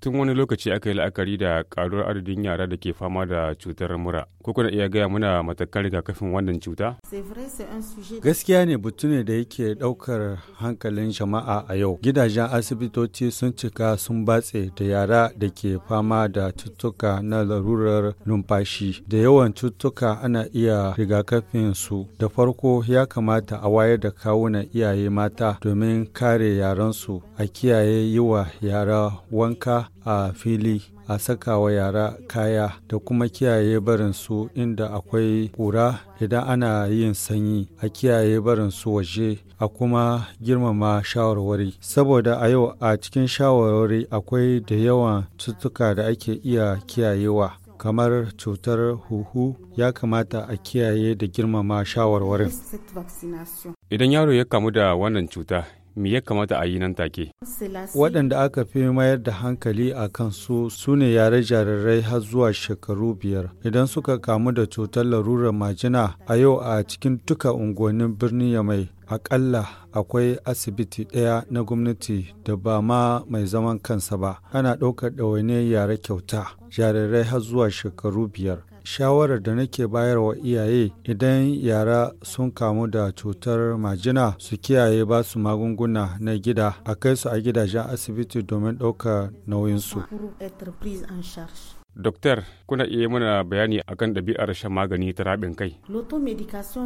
tun wani lokaci aka yi la'akari da karuwar adadin yara da ke fama da cutar mura ko kuna iya gaya muna matakan rigakafin wannan cuta gaskiya ne butu ne da yake daukar hankalin jama'a a yau gidajen asibitoci sun cika sun batse da yara da ke fama da cututtuka na larurar numfashi da yawan cututtuka ana iya rigakafin su da farko ya kamata a wayar da kawunan iyaye mata domin kare yaransu a kiyaye yi wa yara wanka a fili a saka wa yara kaya da kuma kiyaye barin su inda akwai kura idan ana yin sanyi a kiyaye barin su waje a kuma girmama shawarwari saboda a yau a cikin shawarwari akwai da yawan cutuka da ake iya kiyayewa kamar cutar huhu ya kamata a kiyaye da girmama shawarwarin idan yaro ya kamu da wannan cuta me ya kamata a yi nan take. Waɗanda aka fi mayar da hankali a kan su ne yare jarirai har zuwa shekaru biyar. Idan suka kamu da cutar larurar majina a yau a cikin duka unguwannin birnin Yamai, akalla akwai asibiti ɗaya na gwamnati da ba ma mai zaman kansa ba ana ɗaukar ɗawainiyar yare kyauta jarirai har zuwa shekaru biyar shawarar da nake bayarwa iyaye idan yara sun kamu da cutar majina su kiyaye ba su magunguna na gida a kai su a gidajen asibiti domin ɗaukar nauyinsu. Doktor, kuna iya mana bayani akan ɗabi'ar shan magani ta rabin kai?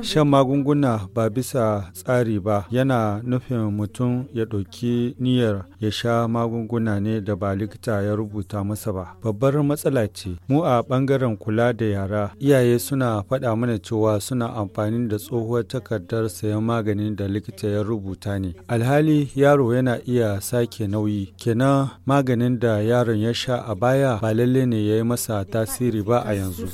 Shan magunguna ba bisa tsari ba yana nufin mutum ya ɗauki niyyar ya sha magunguna ne da ba likita ya rubuta masa ba. Babbar matsala ce, mu a ɓangaren kula da yara, iyaye suna faɗa mana cewa suna amfani da tsohuwar takardar sayan maganin da likita ya rubuta ne. Alhali yaro yana iya sake nauyi, kenan maganin da yaron ya sha a baya ba lallai ne ya ya yi masa tasiri ba a yanzu